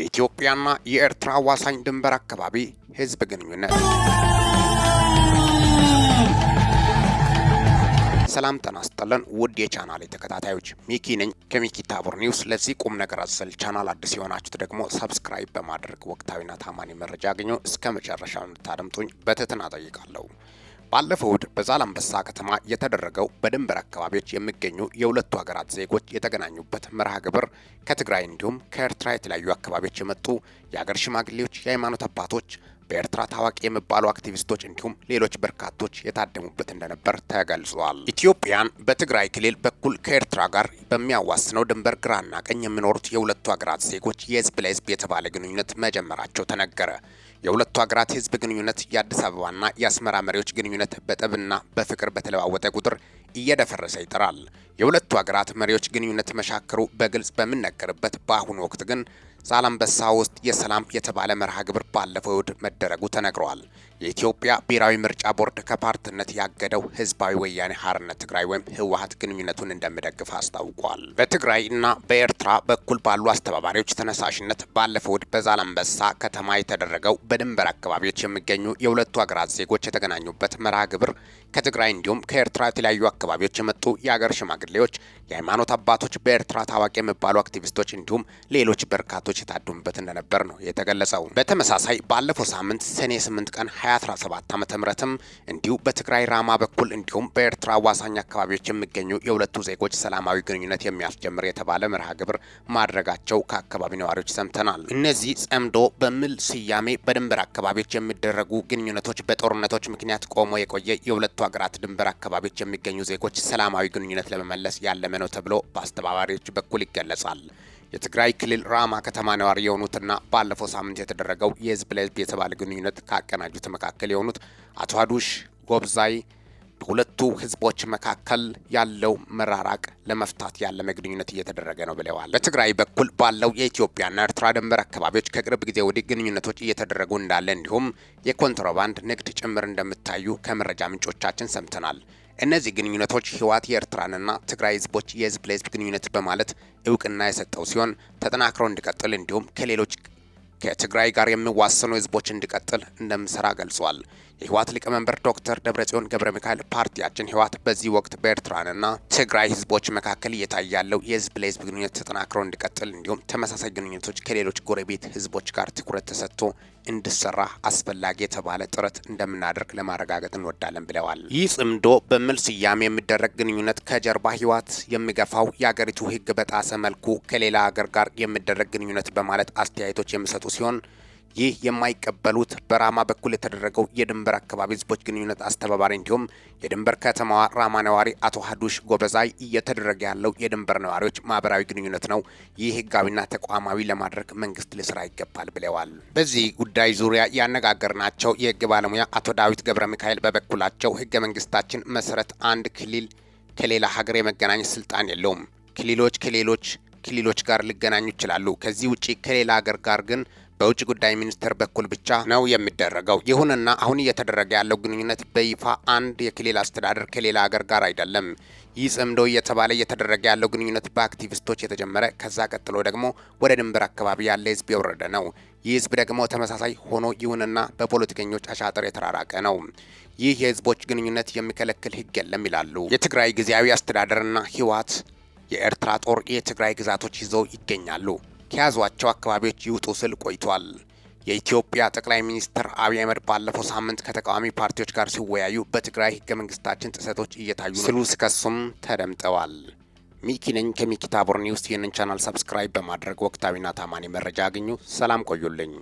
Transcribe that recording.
የኢትዮጵያና የኤርትራ አዋሳኝ ድንበር አካባቢ ህዝብ ግንኙነት። ሰላም ጤና ይስጥልን ውድ የቻናሌ ተከታታዮች ሚኪ ነኝ ከሚኪ ታቦር ኒውስ። ለዚህ ቁም ነገር አዘል ቻናል አዲስ የሆናችሁት ደግሞ ሰብስክራይብ በማድረግ ወቅታዊና ታማኒ መረጃ አገኘው እስከ መጨረሻው እንድታደምጡኝ በትህትና ጠይቃለሁ። ባለፈው እሁድ በዛላምበሳ ከተማ የተደረገው በድንበር አካባቢዎች የሚገኙ የሁለቱ ሀገራት ዜጎች የተገናኙበት መርሃ ግብር ከትግራይ እንዲሁም ከኤርትራ የተለያዩ አካባቢዎች የመጡ የሀገር ሽማግሌዎች፣ የሃይማኖት አባቶች በኤርትራ ታዋቂ የሚባሉ አክቲቪስቶች እንዲሁም ሌሎች በርካቶች የታደሙበት እንደነበር ተገልጿል። ኢትዮጵያን በትግራይ ክልል በኩል ከኤርትራ ጋር በሚያዋስነው ድንበር ግራና ቀኝ የሚኖሩት የሁለቱ ሀገራት ዜጎች የህዝብ ለህዝብ የተባለ ግንኙነት መጀመራቸው ተነገረ። የሁለቱ ሀገራት የህዝብ ግንኙነት የአዲስ አበባና የአስመራ መሪዎች ግንኙነት በጠብና በፍቅር በተለዋወጠ ቁጥር እየደፈረሰ ይጠራል። የሁለቱ ሀገራት መሪዎች ግንኙነት መሻከሩ በግልጽ በሚነገርበት በአሁኑ ወቅት ግን ዛላምበሳ ውስጥ የሰላም የተባለ መርሃ ግብር ባለፈው እሁድ መደረጉ ተነግሯል። የኢትዮጵያ ብሔራዊ ምርጫ ቦርድ ከፓርቲነት ያገደው ህዝባዊ ወያኔ ሀርነት ትግራይ ወይም ህወሀት ግንኙነቱን እንደሚደግፍ አስታውቋል። በትግራይ እና በኤርትራ በኩል ባሉ አስተባባሪዎች ተነሳሽነት ባለፈው እሁድ በዛላምበሳ ከተማ የተደረገው በድንበር አካባቢዎች የሚገኙ የሁለቱ ሀገራት ዜጎች የተገናኙበት መርሃ ግብር ከትግራይ እንዲሁም ከኤርትራ የተለያዩ አካባቢዎች የመጡ የሀገር ሽማግሌዎች፣ የሃይማኖት አባቶች፣ በኤርትራ ታዋቂ የሚባሉ አክቲቪስቶች እንዲሁም ሌሎች በርካቶች ወጣቶች የታደሙበት እንደነበር ነው የተገለጸው። በተመሳሳይ ባለፈው ሳምንት ሰኔ 8 ቀን 2017 ዓመተ ምህረትም እንዲሁ በትግራይ ራማ በኩል እንዲሁም በኤርትራ አዋሳኝ አካባቢዎች የሚገኙ የሁለቱ ዜጎች ሰላማዊ ግንኙነት የሚያስጀምር የተባለ መርሃ ግብር ማድረጋቸው ከአካባቢ ነዋሪዎች ሰምተናል። እነዚህ ጸምዶ በሚል ስያሜ በድንበር አካባቢዎች የሚደረጉ ግንኙነቶች በጦርነቶች ምክንያት ቆሞ የቆየ የሁለቱ ሀገራት ድንበር አካባቢዎች የሚገኙ ዜጎች ሰላማዊ ግንኙነት ለመመለስ ያለመ ነው ተብሎ በአስተባባሪዎች በኩል ይገለጻል። የትግራይ ክልል ራማ ከተማ ነዋሪ የሆኑትና ባለፈው ሳምንት የተደረገው የህዝብ ለህዝብ የተባለ ግንኙነት ካቀናጁት መካከል የሆኑት አቶ አዱሽ ጎብዛይ በሁለቱ ህዝቦች መካከል ያለው መራራቅ ለመፍታት ያለመ ግንኙነት እየተደረገ ነው ብለዋል። በትግራይ በኩል ባለው የኢትዮጵያና ኤርትራ ድንበር አካባቢዎች ከቅርብ ጊዜ ወዲህ ግንኙነቶች እየተደረጉ እንዳለ እንዲሁም የኮንትሮባንድ ንግድ ጭምር እንደሚታዩ ከመረጃ ምንጮቻችን ሰምተናል። እነዚህ ግንኙነቶች ህወሓት የኤርትራንና ትግራይ ህዝቦች የህዝብ ለህዝብ ግንኙነት በማለት እውቅና የሰጠው ሲሆን ተጠናክረው እንዲቀጥል እንዲሁም ከሌሎች ከትግራይ ጋር የሚዋሰኑ ህዝቦች እንዲቀጥል እንደምሰራ ገልጿል። የህወሓት ሊቀመንበር ዶክተር ደብረጽዮን ገብረ ሚካኤል ፓርቲያችን ህወሓት በዚህ ወቅት በኤርትራንና ትግራይ ህዝቦች መካከል እየታየ ያለው የህዝብ ለህዝብ ግንኙነት ተጠናክሮ እንዲቀጥል እንዲሁም ተመሳሳይ ግንኙነቶች ከሌሎች ጎረቤት ህዝቦች ጋር ትኩረት ተሰጥቶ እንዲሰራ አስፈላጊ የተባለ ጥረት እንደምናደርግ ለማረጋገጥ እንወዳለን ብለዋል። ይህ ጽምዶ በሚል ስያሜ የሚደረግ ግንኙነት ከጀርባ ህወሓት የሚገፋው የአገሪቱ ህግ በጣሰ መልኩ ከሌላ ሀገር ጋር የሚደረግ ግንኙነት በማለት አስተያየቶች የሚሰጡ ሲሆን ይህ የማይቀበሉት በራማ በኩል የተደረገው የድንበር አካባቢ ህዝቦች ግንኙነት አስተባባሪ እንዲሁም የድንበር ከተማዋ ራማ ነዋሪ አቶ ሀዱሽ ጎበዛይ እየተደረገ ያለው የድንበር ነዋሪዎች ማህበራዊ ግንኙነት ነው። ይህ ህጋዊና ተቋማዊ ለማድረግ መንግስት ሊሰራ ይገባል ብለዋል። በዚህ ጉዳይ ዙሪያ ያነጋገርናቸው የህግ ባለሙያ አቶ ዳዊት ገብረ ሚካኤል በበኩላቸው ህገ መንግስታችን መሰረት አንድ ክልል ከሌላ ሀገር የመገናኘት ስልጣን የለውም። ክልሎች ከሌሎች ክልሎች ጋር ሊገናኙ ይችላሉ። ከዚህ ውጭ ከሌላ ሀገር ጋር ግን በውጭ ጉዳይ ሚኒስቴር በኩል ብቻ ነው የሚደረገው። ይሁንና አሁን እየተደረገ ያለው ግንኙነት በይፋ አንድ የክልል አስተዳደር ከሌላ ሀገር ጋር አይደለም። ይህ ጽምዶ እየተባለ እየተደረገ ያለው ግንኙነት በአክቲቪስቶች የተጀመረ ከዛ ቀጥሎ ደግሞ ወደ ድንበር አካባቢ ያለ ህዝብ የወረደ ነው። ይህ ህዝብ ደግሞ ተመሳሳይ ሆኖ ይሁንና በፖለቲከኞች አሻጥር የተራራቀ ነው። ይህ የህዝቦች ግንኙነት የሚከለክል ህግ የለም ይላሉ የትግራይ ጊዜያዊ አስተዳደርና ህወሓት የኤርትራ ጦር የትግራይ ግዛቶች ይዘው ይገኛሉ። ከያዟቸው አካባቢዎች ይውጡ ስል ቆይቷል። የኢትዮጵያ ጠቅላይ ሚኒስትር አብይ አህመድ ባለፈው ሳምንት ከተቃዋሚ ፓርቲዎች ጋር ሲወያዩ በትግራይ ህገ መንግስታችን ጥሰቶች እየታዩ ነው ሲሉ ሲከሱም ተደምጠዋል። ሚኪ ነኝ ከሚኪ ታቦር ኒውስ። ይህንን ቻናል ሰብስክራይብ በማድረግ ወቅታዊና ታማኒ መረጃ አግኙ። ሰላም ቆዩልኝ።